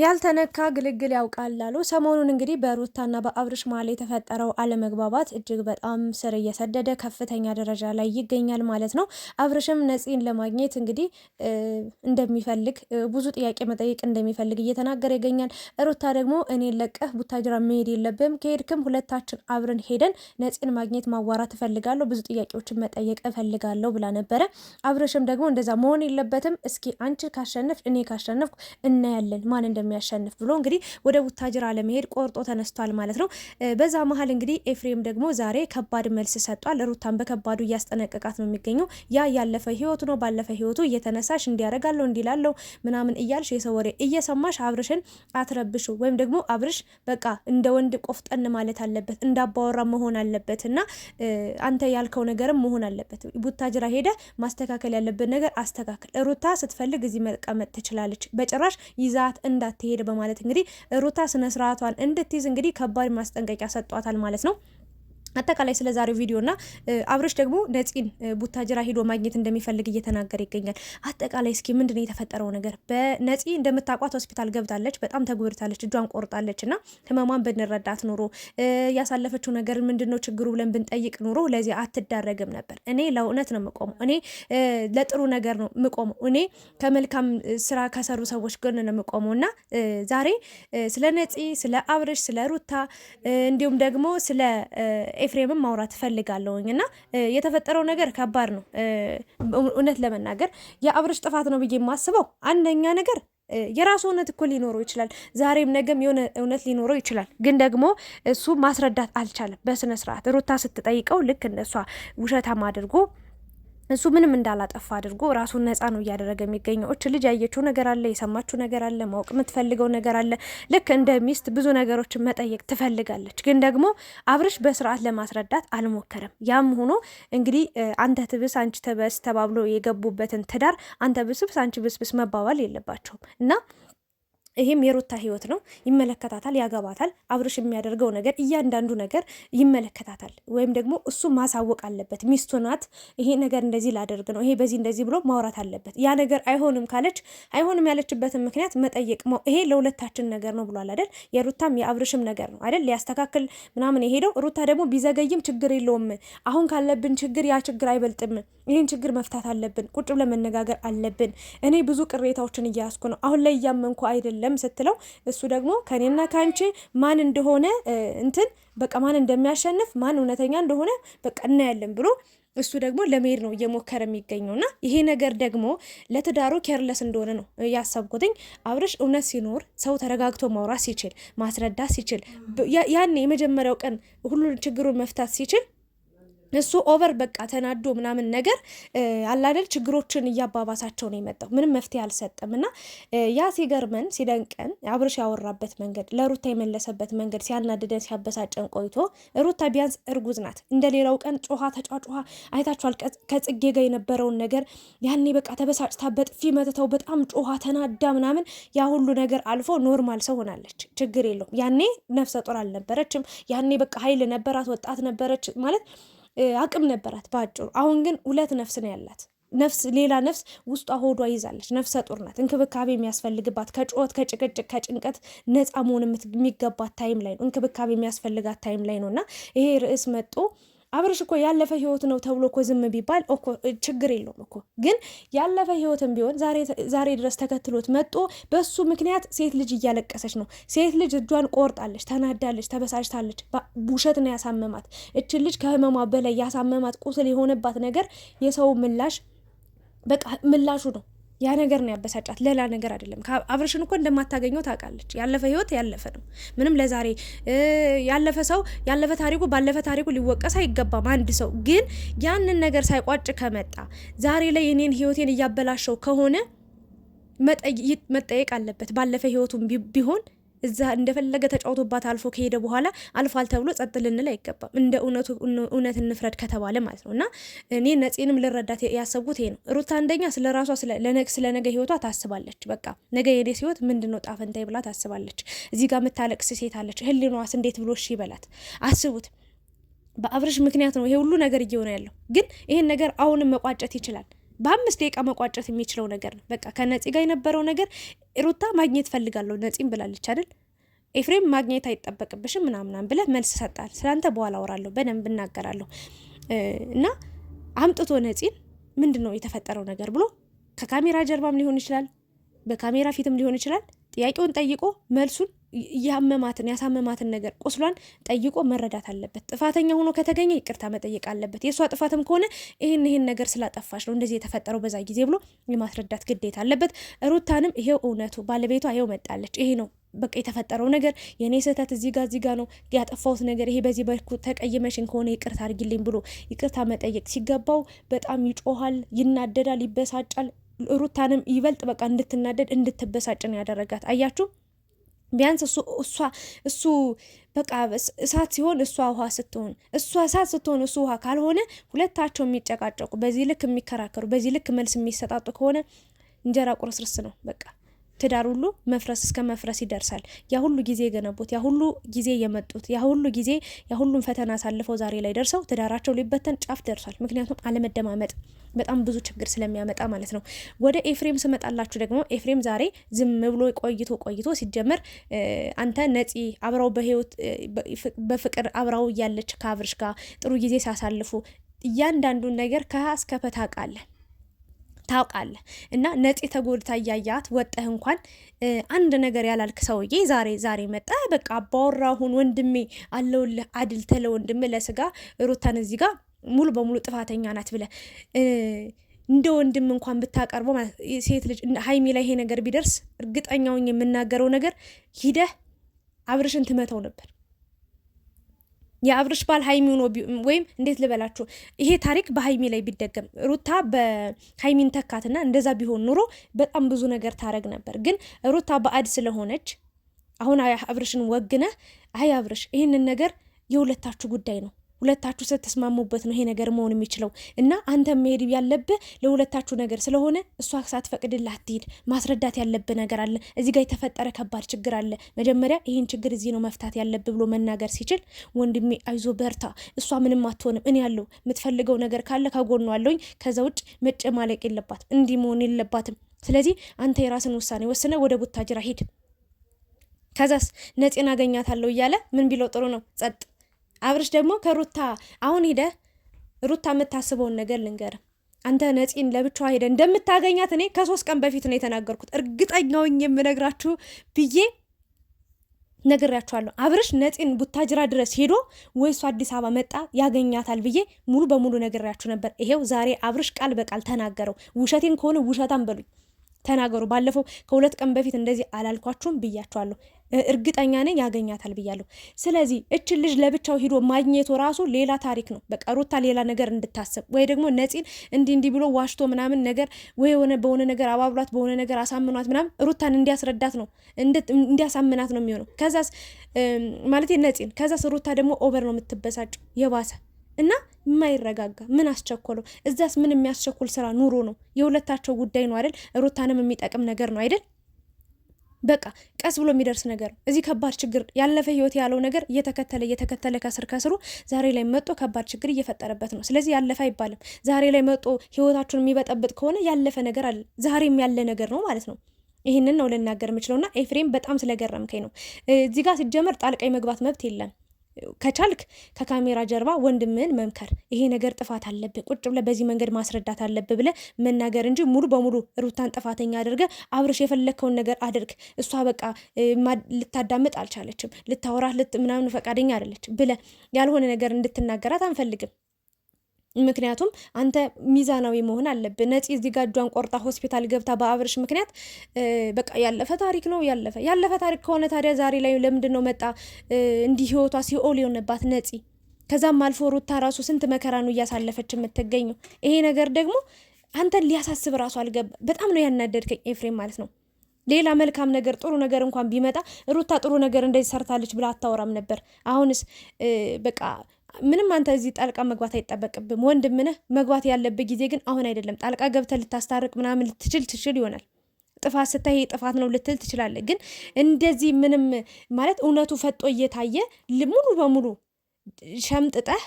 ያልተነካ ግልግል ያውቃል አሉ። ሰሞኑን እንግዲህ በሩታና በአብርሽ መሀል የተፈጠረው አለመግባባት እጅግ በጣም ስር እየሰደደ ከፍተኛ ደረጃ ላይ ይገኛል ማለት ነው። አብርሽም ነፂን ለማግኘት እንግዲህ እንደሚፈልግ ብዙ ጥያቄ መጠየቅ እንደሚፈልግ እየተናገረ ይገኛል። ሩታ ደግሞ እኔን ለቀህ ቡታጅራ መሄድ የለብም፣ ከሄድክም ሁለታችን አብረን ሄደን ነፂን ማግኘት ማዋራት እፈልጋለሁ፣ ብዙ ጥያቄዎችን መጠየቅ እፈልጋለሁ ብላ ነበረ። አብርሽም ደግሞ እንደዛ መሆን የለበትም፣ እስኪ አንቺ ካሸነፍ እኔ ካሸነፍኩ እናያለን ማን እንደሚያሸንፍ ብሎ እንግዲህ ወደ ቡታጅራ ለመሄድ ቆርጦ ተነስቷል ማለት ነው። በዛ መሀል እንግዲህ ኤፍሬም ደግሞ ዛሬ ከባድ መልስ ሰጧል። ሩታን በከባዱ እያስጠነቀቃት ነው የሚገኘው። ያ ያለፈ ህይወቱ ነው። ባለፈ ህይወቱ እየተነሳሽ እንዲያረጋለው እንዲላለው ምናምን እያልሽ የሰው ወሬ እየሰማሽ አብርሽን አትረብሹ ወይም ደግሞ አብርሽ በቃ እንደ ወንድ ቆፍጠን ማለት አለበት እንዳባወራ መሆን አለበት እና አንተ ያልከው ነገርም መሆን አለበት። ቡታጅራ ሄደ ማስተካከል ያለበት ነገር አስተካክል። ሩታ ስትፈልግ እዚህ መቀመጥ ትችላለች። በጭራሽ ይዛት እንዳ እንዳትሄድ በማለት እንግዲህ ሩታ ስነስርዓቷን እንድትይዝ እንግዲህ ከባድ ማስጠንቀቂያ ሰጧታል ማለት ነው። አጠቃላይ ስለ ዛሬው ቪዲዮ እና አብርሽ ደግሞ ነፂን ቡታጅራ ሂዶ ማግኘት እንደሚፈልግ እየተናገረ ይገኛል። አጠቃላይ እስኪ ምንድን ነው የተፈጠረው ነገር? በነፂ እንደምታውቋት ሆስፒታል ገብታለች፣ በጣም ተጎድታለች፣ እጇን ቆርጣለች እና ህመሟን ብንረዳት ኑሮ ያሳለፈችው ነገር ምንድን ነው ችግሩ ብለን ብንጠይቅ ኑሮ ለዚህ አትዳረግም ነበር። እኔ ለእውነት ነው ምቆመው፣ እኔ ለጥሩ ነገር ነው ምቆመው እኔ ከመልካም ስራ ከሰሩ ሰዎች ጎን ነው ምቆመው። እና ዛሬ ስለ ነፂ፣ ስለ አብርሽ፣ ስለ ሩታ እንዲሁም ደግሞ ስለ ኤፍሬምም ማውራት እፈልጋለሁኝ እና የተፈጠረው ነገር ከባድ ነው። እውነት ለመናገር የአብርሽ ጥፋት ነው ብዬ የማስበው አንደኛ ነገር የራሱ እውነት እኮ ሊኖረው ይችላል። ዛሬም ነገም የሆነ እውነት ሊኖረው ይችላል። ግን ደግሞ እሱ ማስረዳት አልቻለም በስነ ስርዓት ሩታ ስትጠይቀው ልክ እንደሷ ውሸታም አድርጎ እሱ ምንም እንዳላጠፋ አድርጎ ራሱን ነጻ ነው እያደረገ የሚገኘው። እች ልጅ ያየችው ነገር አለ፣ የሰማችው ነገር አለ፣ ማወቅ የምትፈልገው ነገር አለ። ልክ እንደ ሚስት ብዙ ነገሮችን መጠየቅ ትፈልጋለች፣ ግን ደግሞ አብርሽ በስርዓት ለማስረዳት አልሞከረም። ያም ሆኖ እንግዲህ አንተ ትብስ አንቺ ትበስ ተባብሎ የገቡበትን ትዳር አንተ ብስብስ አንቺ ብስብስ መባባል የለባቸውም እና ይሄም የሩታ ህይወት ነው። ይመለከታታል፣ ያገባታል። አብርሽ የሚያደርገው ነገር እያንዳንዱ ነገር ይመለከታታል። ወይም ደግሞ እሱ ማሳወቅ አለበት። ሚስቱ ናት፣ ይሄ ነገር እንደዚህ ላደርግ ነው፣ ይሄ በዚህ እንደዚህ ብሎ ማውራት አለበት። ያ ነገር አይሆንም ካለች አይሆንም ያለችበትን ምክንያት መጠየቅ። ይሄ ለሁለታችን ነገር ነው ብሏል አይደል? የሩታም የአብርሽም ነገር ነው አይደል? ሊያስተካክል ምናምን የሄደው ሩታ ደግሞ ቢዘገይም ችግር የለውም። አሁን ካለብን ችግር ያ ችግር አይበልጥም። ይህን ችግር መፍታት አለብን። ቁጭ ብለን መነጋገር አለብን። እኔ ብዙ ቅሬታዎችን እያያዝኩ ነው። አሁን ላይ እያመንኩ አይደለም አይደለም ስትለው እሱ ደግሞ ከኔና ከአንቺ ማን እንደሆነ እንትን በቃ ማን እንደሚያሸንፍ ማን እውነተኛ እንደሆነ በቃ እናያለን ብሎ እሱ ደግሞ ለመሄድ ነው እየሞከረ የሚገኘው እና ይሄ ነገር ደግሞ ለትዳሩ ኬርለስ እንደሆነ ነው ያሰብኩትኝ። አብርሽ እውነት ሲኖር ሰው ተረጋግቶ ማውራት ሲችል ማስረዳት ሲችል፣ ያን የመጀመሪያው ቀን ሁሉ ችግሩን መፍታት ሲችል እሱ ኦቨር በቃ ተናዶ ምናምን ነገር አላደል ችግሮችን እያባባሳቸው ነው የመጣው። ምንም መፍትሄ አልሰጠም እና ያ ሲገርመን ሲደንቀን አብርሽ ያወራበት መንገድ ለሩታ የመለሰበት መንገድ ሲያናድደን ሲያበሳጨን ቆይቶ ሩታ ቢያንስ እርጉዝ ናት። እንደ ሌላው ቀን ጮኋ ተጫጮኋ አይታችኋል። ከጽጌ ጋር የነበረውን ነገር ያኔ በቃ ተበሳጭታ በጥፊ መትተው በጣም ጮኋ ተናዳ ምናምን ያ ሁሉ ነገር አልፎ ኖርማል ሰው ሆናለች። ችግር የለውም። ያኔ ነፍሰ ጡር አልነበረችም። ያኔ በቃ ኃይል ነበራት፣ ወጣት ነበረች ማለት አቅም ነበራት በአጭሩ። አሁን ግን ሁለት ነፍስ ነው ያላት። ነፍስ ሌላ ነፍስ ውስጧ ሆዷ ይዛለች። ነፍሰ ጡር ናት። እንክብካቤ የሚያስፈልግባት ከጩኸት ከጭቅጭቅ ከጭንቀት ነፃ መሆን የሚገባት ታይም ላይ ነው። እንክብካቤ የሚያስፈልጋት ታይም ላይ ነው እና ይሄ ርዕስ መጦ አብርሽ እኮ ያለፈ ህይወት ነው ተብሎ እኮ ዝም ቢባል እኮ ችግር የለውም እኮ። ግን ያለፈ ህይወትም ቢሆን ዛሬ ድረስ ተከትሎት መጦ በሱ ምክንያት ሴት ልጅ እያለቀሰች ነው። ሴት ልጅ እጇን ቆርጣለች፣ ተናዳለች፣ ተበሳጭታለች። ውሸት ነው ያሳመማት። እች ልጅ ከህመሟ በላይ ያሳመማት ቁስል የሆነባት ነገር የሰው ምላሽ በቃ ምላሹ ነው ያ ነገር ነው ያበሳጫት፣ ሌላ ነገር አይደለም። አብርሽን እኮ እንደማታገኘው ታውቃለች። ያለፈ ህይወት ያለፈ ነው። ምንም ለዛሬ ያለፈ ሰው ያለፈ ታሪኩ ባለፈ ታሪኩ ሊወቀስ አይገባም። አንድ ሰው ግን ያንን ነገር ሳይቋጭ ከመጣ ዛሬ ላይ እኔን ህይወቴን እያበላሸው ከሆነ መጠየቅ አለበት። ባለፈ ህይወቱም ቢሆን እዛ እንደፈለገ ተጫውቶባት አልፎ ከሄደ በኋላ አልፏል ተብሎ ጸጥ ልንል አይገባም። እንደ እውነቱ እውነት እንፍረድ ከተባለ ማለት ነው። እና እኔ ነፂንም ልረዳት ያሰብኩት ይሄ ነው። ሩታ አንደኛ ስለ ራሷ ስለ ነገ ህይወቷ ታስባለች። በቃ ነገ የኔስ ህይወት ምንድን ነው ጣፈንታይ ብላ ታስባለች። እዚህ ጋር የምታለቅስ ሴት አለች። ህሊኗስ እንዴት ብሎ እሺ ይበላት? አስቡት። በአብርሽ ምክንያት ነው ይሄ ሁሉ ነገር እየሆነ ያለው። ግን ይሄን ነገር አሁንም መቋጨት ይችላል። በአምስት ደቂቃ መቋጨት የሚችለው ነገር ነው። በቃ ከነፂ ጋር የነበረው ነገር ሩታ ማግኘት ፈልጋለሁ ነፂም ብላለች አይደል? ኤፍሬም ማግኘት አይጠበቅብሽም ምናምናም ብለ መልስ ሰጣል። ስለአንተ በኋላ አወራለሁ፣ በደንብ እናገራለሁ እና አምጥቶ ነፂን ምንድን ነው የተፈጠረው ነገር ብሎ ከካሜራ ጀርባም ሊሆን ይችላል፣ በካሜራ ፊትም ሊሆን ይችላል። ጥያቄውን ጠይቆ መልሱን ያመማትን ያሳመማትን ነገር ቁስሏን ጠይቆ መረዳት አለበት። ጥፋተኛ ሆኖ ከተገኘ ይቅርታ መጠየቅ አለበት። የእሷ ጥፋትም ከሆነ ይህን ይህን ነገር ስላጠፋሽ ነው እንደዚህ የተፈጠረው በዛ ጊዜ ብሎ የማስረዳት ግዴታ አለበት። ሩታንም ይሄው እውነቱ ባለቤቷ ይሄው መጣለች፣ ይሄ ነው በቃ የተፈጠረው ነገር የእኔ ስህተት እዚህ ጋር እዚህ ጋር ነው ያጠፋሁት ነገር ይሄ በዚህ በኩ ተቀይመሽን ከሆነ ይቅርታ አድርጊልኝ ብሎ ይቅርታ መጠየቅ ሲገባው በጣም ይጮሃል፣ ይናደዳል፣ ይበሳጫል። ሩታንም ይበልጥ በቃ እንድትናደድ እንድትበሳጭ ነው ያደረጋት። አያችሁ። ቢያንስ እሷ እሱ በቃ እሳት ሲሆን እሷ ውሃ ስትሆን እሷ እሳት ስትሆን እሱ ውሃ ካልሆነ ሁለታቸው የሚጨቃጨቁ በዚህ ልክ የሚከራከሩ በዚህ ልክ መልስ የሚሰጣጡ ከሆነ እንጀራ ቁርስርስ ነው በቃ። ትዳር ሁሉ መፍረስ እስከ መፍረስ ይደርሳል። ያ ሁሉ ጊዜ የገነቡት ያ ሁሉ ጊዜ የመጡት ያ ሁሉ ጊዜ ያ ሁሉም ፈተና አሳልፈው ዛሬ ላይ ደርሰው ትዳራቸው ሊበተን ጫፍ ደርሷል። ምክንያቱም አለመደማመጥ በጣም ብዙ ችግር ስለሚያመጣ ማለት ነው። ወደ ኤፍሬም ስመጣላችሁ ደግሞ ኤፍሬም ዛሬ ዝም ብሎ ቆይቶ ቆይቶ ሲጀመር አንተ ነፂ አብራው በህይወት በፍቅር አብራው እያለች ከአብርሽ ጋር ጥሩ ጊዜ ሲያሳልፉ እያንዳንዱን ነገር ከሀ እስከ ፐ ታውቃለህ። እና ነፂ ተጎድታ እያያት ወጠህ እንኳን አንድ ነገር ያላልክ ሰውዬ ዛሬ ዛሬ መጣ። በቃ ሁን ወንድሜ አለውልህ አድል ተለ ወንድሜ ለስጋ ሩታን እዚህ ጋር ሙሉ በሙሉ ጥፋተኛ ናት ብለህ እንደ ወንድም እንኳን ብታቀርበው ሴት ልጅ ሀይሚ ላይ ይሄ ነገር ቢደርስ እርግጠኛውን የምናገረው ነገር ሂደህ አብርሽን ትመተው ነበር። የአብርሽ ባል ሀይሚ ሆኖ ወይም እንዴት ልበላችሁ፣ ይሄ ታሪክ በሀይሚ ላይ ቢደገም ሩታ በሀይሚን ተካትና እንደዛ ቢሆን ኑሮ በጣም ብዙ ነገር ታረግ ነበር። ግን ሩታ በአድ ስለሆነች አሁን አብርሽን ወግነህ አይ አብርሽ ይህንን ነገር የሁለታችሁ ጉዳይ ነው ሁለታችሁ ስትስማሙበት ነው ይሄ ነገር መሆን የሚችለው እና አንተ መሄድ ያለብህ ለሁለታችሁ ነገር ስለሆነ እሷ ሳትፈቅድልህ አትሄድ። ማስረዳት ያለብህ ነገር አለ። እዚህ ጋር የተፈጠረ ከባድ ችግር አለ። መጀመሪያ ይህን ችግር እዚህ ነው መፍታት ያለብህ ብሎ መናገር ሲችል ወንድሜ አይዞ በርታ፣ እሷ ምንም አትሆንም፣ እኔ ያለው የምትፈልገው ነገር ካለ ከጎኑ አለውኝ። ከዛ ውጭ ማለቅ የለባት እንዲህ መሆን የለባትም። ስለዚህ አንተ የራስን ውሳኔ ወስነ ወደ ቡታጅራ ሂድ። ከዛስ ነፄን አገኛታለሁ እያለ ምን ቢለው ጥሩ ነው ጸጥ አብርሽ ደግሞ ከሩታ አሁን ሄደ ሩታ የምታስበውን ነገር ልንገር አንተ ነፂን ለብቻዋ ሄደ እንደምታገኛት እኔ ከሶስት ቀን በፊት ነው የተናገርኩት። እርግጠኛውኝ የምነግራችሁ ብዬ ነግሬያችኋለሁ። አብርሽ ነፂን ቡታጅራ ድረስ ሄዶ ወይሱ አዲስ አበባ መጣ ያገኛታል ብዬ ሙሉ በሙሉ ነግሬያችሁ ነበር። ይሄው ዛሬ አብርሽ ቃል በቃል ተናገረው። ውሸቴን ከሆነ ውሸታም በሉኝ ተናገሩ። ባለፈው ከሁለት ቀን በፊት እንደዚህ አላልኳችሁም ብያችኋለሁ። እርግጠኛ ነኝ ያገኛታል ብያለሁ። ስለዚህ እችን ልጅ ለብቻው ሂዶ ማግኘቱ ራሱ ሌላ ታሪክ ነው። በቃ ሩታ ሌላ ነገር እንድታስብ ወይ ደግሞ ነፂን እንዲህ እንዲህ ብሎ ዋሽቶ ምናምን ነገር ወይ የሆነ በሆነ ነገር አባብሏት በሆነ ነገር አሳምኗት ምናምን ሩታን እንዲያስረዳት ነው እንዲያሳምናት ነው የሚሆነው። ከዛስ ማለት ነፂን ከዛስ ሩታ ደግሞ ኦቨር ነው የምትበሳጨው የባሰ እና የማይረጋጋ ምን አስቸኮለው? እዛስ ምን የሚያስቸኩል ስራ ኑሮ ነው? የሁለታቸው ጉዳይ ነው አይደል? ሩታንም የሚጠቅም ነገር ነው አይደል? በቃ ቀስ ብሎ የሚደርስ ነገር እዚህ ከባድ ችግር ያለፈ ህይወት ያለው ነገር እየተከተለ እየተከተለ ከስር ከስሩ ዛሬ ላይ መጦ ከባድ ችግር እየፈጠረበት ነው። ስለዚህ ያለፈ አይባልም። ዛሬ ላይ መጦ ህይወታችሁን የሚበጠብጥ ከሆነ ያለፈ ነገር አለ፣ ዛሬም ያለ ነገር ነው ማለት ነው። ይህንን ነው ልናገር የምችለውና ኤፍሬም በጣም ስለገረምከኝ ነው። እዚህ ጋር ሲጀመር ጣልቃይ መግባት መብት የለም ከቻልክ ከካሜራ ጀርባ ወንድምህን መምከር፣ ይሄ ነገር ጥፋት አለብህ፣ ቁጭ ብለህ በዚህ መንገድ ማስረዳት አለብህ ብለህ መናገር እንጂ ሙሉ በሙሉ ሩታን ጥፋተኛ አድርገህ አብርሽ የፈለግከውን ነገር አድርግ፣ እሷ በቃ ልታዳምጥ አልቻለችም፣ ልታወራት ምናምን ፈቃደኛ አይደለች ብለህ ያልሆነ ነገር እንድትናገራት አንፈልግም። ምክንያቱም አንተ ሚዛናዊ መሆን አለብህ። ነፂ እዚህ ጋር እጇን ቆርጣ ሆስፒታል ገብታ በአብርሽ ምክንያት በቃ ያለፈ ታሪክ ነው። ያለፈ ያለፈ ታሪክ ከሆነ ታዲያ ዛሬ ላይ ለምንድን ነው መጣ እንዲህ ህይወቷ ሲኦል የሆነባት ነፂ? ከዛም አልፎ ሩታ ራሱ ስንት መከራ ነው እያሳለፈች የምትገኘው። ይሄ ነገር ደግሞ አንተን ሊያሳስብ ራሱ አልገባ። በጣም ነው ያናደድከኝ ኤፍሬም ማለት ነው። ሌላ መልካም ነገር ጥሩ ነገር እንኳን ቢመጣ ሩታ ጥሩ ነገር እንደዚህ ሰርታለች ብላ አታወራም ነበር። አሁንስ በቃ ምንም አንተ እዚህ ጣልቃ መግባት አይጠበቅብም። ወንድምነህ መግባት ያለብህ ጊዜ ግን አሁን አይደለም። ጣልቃ ገብተህ ልታስታርቅ ምናምን ልትችል ትችል ይሆናል ጥፋት ስታይ ጥፋት ነው ልትል ትችላለህ። ግን እንደዚህ ምንም ማለት እውነቱ ፈጦ እየታየ ሙሉ በሙሉ ሸምጥጠህ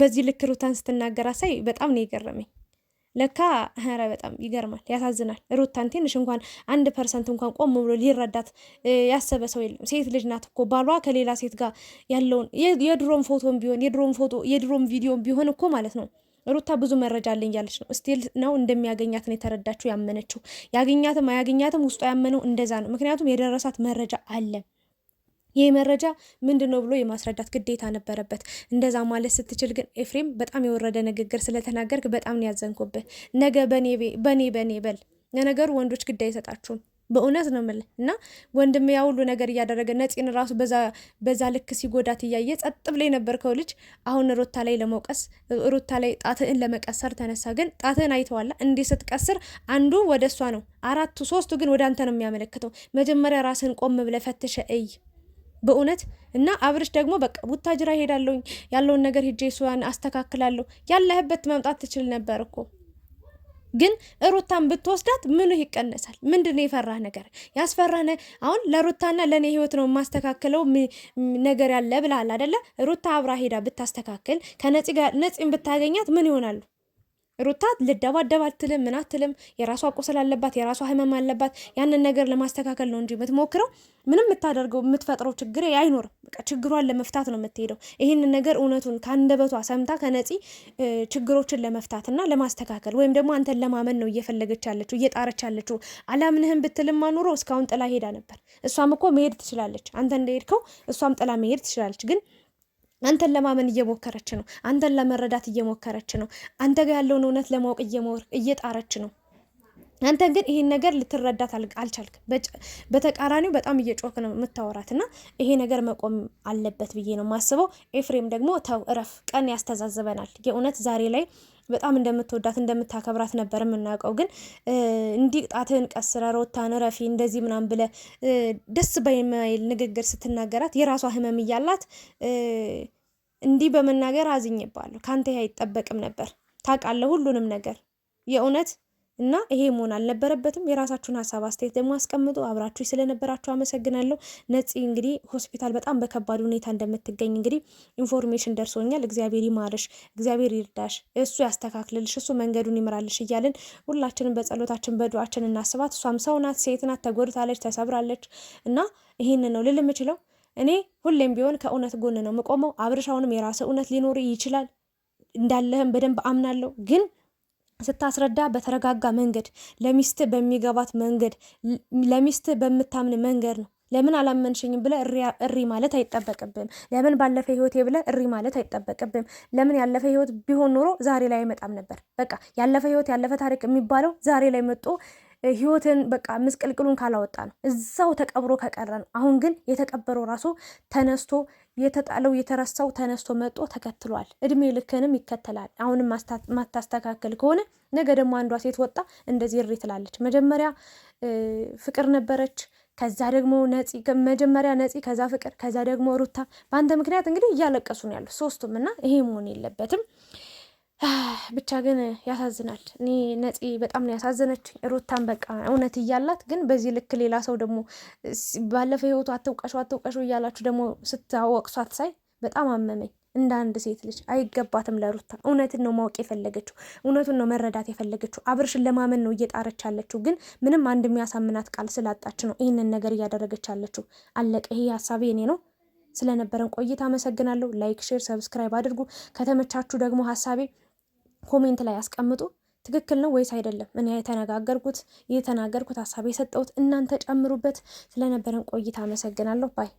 በዚህ ልክ ሩታን ስትናገር አሳይ በጣም ነው የገረመኝ። ለካ ኧረ በጣም ይገርማል፣ ያሳዝናል። ሩታን ትንሽ እንኳን አንድ ፐርሰንት እንኳን ቆም ብሎ ሊረዳት ያሰበ ሰው የለም። ሴት ልጅ ናት እኮ ባሏ ከሌላ ሴት ጋር ያለውን የድሮም ፎቶን ቢሆን የድሮም ፎቶ የድሮም ቪዲዮን ቢሆን እኮ ማለት ነው ሩታ ብዙ መረጃ አለኝ ያለች ነው። ስቲል ነው እንደሚያገኛት ነው የተረዳችው ያመነችው። ያገኛትም አያገኛትም ውስጧ ያመነው እንደዛ ነው። ምክንያቱም የደረሳት መረጃ አለ። ይህ መረጃ ምንድን ነው ብሎ የማስረዳት ግዴታ ነበረበት። እንደዛ ማለት ስትችል ግን ኤፍሬም በጣም የወረደ ንግግር ስለተናገርክ በጣም ነው ያዘንኩብህ። ነገ በኔ በኔ በል። ለነገሩ ወንዶች ግድ አይሰጣችሁም። በእውነት ነው የምልህ እና ወንድም ያ ሁሉ ነገር እያደረገ ነፂን ራሱ በዛ ልክ ሲጎዳት እያየ ጸጥ ብላ የነበርከው ልጅ አሁን ሩታ ላይ ለመውቀስ ሩታ ላይ ጣትህን ለመቀሰር ተነሳ። ግን ጣትህን አይተዋላ እንዲህ ስትቀስር አንዱ ወደ እሷ ነው፣ አራቱ ሶስቱ ግን ወደ አንተ ነው የሚያመለክተው። መጀመሪያ ራስህን ቆም ብለህ ፈትሸ እይ። በእውነት እና አብርሽ ደግሞ በቃ ቡታጅራ ሄዳለሁኝ ያለውን ነገር ሄጄ ሱዋን አስተካክላለሁ ያለህበት መምጣት ትችል ነበር እኮ ግን ሩታን ብትወስዳት ምኑ ይቀነሳል? ምንድን ነው የፈራህ ነገር? ያስፈራነ? አሁን ለሩታና ለእኔ ህይወት ነው የማስተካክለው ነገር ያለ ብለሃል አደለ? ሩታ አብራ ሄዳ ብታስተካክል ከነፂ ጋር ነፂን ብታገኛት ምን ይሆናሉ? ሩታ ልደባደብ አትልም፣ ምን አትልም። የራሷ ቁስል አለባት፣ የራሷ ህመም አለባት። ያንን ነገር ለማስተካከል ነው እንጂ የምትሞክረው ምንም የምታደርገው የምትፈጥረው ችግር አይኖርም። በቃ ችግሯን ለመፍታት ነው የምትሄደው። ይህን ነገር እውነቱን ከአንደበቷ ሰምታ ከነፂ ችግሮችን ለመፍታትና ለማስተካከል ወይም ደግሞ አንተን ለማመን ነው እየፈለገች ያለችው እየጣረች ያለችው። አላምንህም ብትልም ኑሮ እስካሁን ጥላ ሄዳ ነበር። እሷም እኮ መሄድ ትችላለች። አንተ እንደሄድከው እሷም ጥላ መሄድ ትችላለች ግን አንተን ለማመን እየሞከረች ነው። አንተን ለመረዳት እየሞከረች ነው። አንተ ጋር ያለውን እውነት ለማወቅ እየጣረች ነው። አንተ ግን ይሄን ነገር ልትረዳት አልቻልክ በተቃራኒው በጣም እየጮክ ነው የምታወራት እና ይሄ ነገር መቆም አለበት ብዬ ነው የማስበው። ኤፍሬም ደግሞ ተው እረፍ፣ ቀን ያስተዛዝበናል። የእውነት ዛሬ ላይ በጣም እንደምትወዳት እንደምታከብራት ነበር የምናውቀው። ግን እንዲህ ጣትህን ቀስረ ሮታን ረፊ እንደዚህ ምናምን ብለህ ደስ በማይል ንግግር ስትናገራት የራሷ ህመም እያላት እንዲህ በመናገር አዝኝባለሁ ከአንተ አይጠበቅም ነበር። ታውቃለህ ሁሉንም ነገር የእውነት እና ይሄ መሆን አልነበረበትም። የራሳችሁን ሀሳብ አስተያየት ደግሞ አስቀምጡ። አብራችሁ ስለነበራችሁ አመሰግናለሁ። ነፂ እንግዲህ ሆስፒታል በጣም በከባድ ሁኔታ እንደምትገኝ እንግዲህ ኢንፎርሜሽን ደርሶኛል። እግዚአብሔር ይማርሽ፣ እግዚአብሔር ይርዳሽ፣ እሱ ያስተካክልልሽ፣ እሱ መንገዱን ይምራልሽ እያልን ሁላችንም በጸሎታችን በዱዋችን እናስባት። እሷም ሰው ናት፣ ሴት ናት፣ ተጎድታለች፣ ተሰብራለች እና ይህን ነው ልል የምችለው። እኔ ሁሌም ቢሆን ከእውነት ጎን ነው የምቆመው። አብርሻውንም የራሰ እውነት ሊኖር ይችላል እንዳለህም በደንብ አምናለሁ ግን ስታስረዳ በተረጋጋ መንገድ ለሚስት በሚገባት መንገድ ለሚስት በምታምን መንገድ ነው። ለምን አላመንሽኝም ብለ እሪ ማለት አይጠበቅብም። ለምን ባለፈ ህይወቴ ብለ እሪ ማለት አይጠበቅብም። ለምን ያለፈ ህይወት ቢሆን ኖሮ ዛሬ ላይ አይመጣም ነበር። በቃ ያለፈ ህይወት ያለፈ ታሪክ የሚባለው ዛሬ ላይ መጦ ህይወትን በቃ ምስቅልቅሉን ካላወጣ ነው፣ እዛው ተቀብሮ ከቀረ ነው። አሁን ግን የተቀበረው ራሱ ተነስቶ የተጣለው የተረሳው ተነስቶ መጦ ተከትሏል። እድሜ ልክንም ይከተላል። አሁንም ማታስተካከል ከሆነ ነገ ደግሞ አንዷ ሴት ወጣ እንደዚህ እሪ ትላለች። መጀመሪያ ፍቅር ነበረች፣ ከዛ ደግሞ ነፂ፣ መጀመሪያ ነፂ፣ ከዛ ፍቅር፣ ከዛ ደግሞ ሩታ። በአንተ ምክንያት እንግዲህ እያለቀሱ ነው ሶስቱም እና ይሄ መሆን የለበትም። ብቻ ግን ያሳዝናል። እኔ ነፂ በጣም ነው ያሳዘነች። ሩታን በቃ እውነት እያላት ግን በዚህ ልክ ሌላ ሰው ደግሞ ባለፈው ህይወቱ አትውቀሹ አትውቀሹ እያላችሁ ደግሞ ስታወቅሷት ሳይ በጣም አመመኝ። እንደ አንድ ሴት ልጅ አይገባትም ለሩታ። እውነትን ነው ማወቅ የፈለገችው፣ እውነቱን ነው መረዳት የፈለገችው። አብርሽን ለማመን ነው እየጣረች ያለችው፣ ግን ምንም አንድ የሚያሳምናት ቃል ስላጣች ነው ይህንን ነገር እያደረገች ያለችው። አለቀ። ይሄ ሀሳቤ እኔ ነው። ስለነበረን ቆይታ አመሰግናለሁ። ላይክ፣ ሼር፣ ሰብስክራይብ አድርጉ ከተመቻችሁ ደግሞ ሀሳቤ ኮሜንት ላይ ያስቀምጡ። ትክክል ነው ወይስ አይደለም? እኔ የተነጋገርኩት የተናገርኩት ሀሳብ የሰጠሁት እናንተ ጨምሩበት። ስለነበረን ቆይታ አመሰግናለሁ ባይ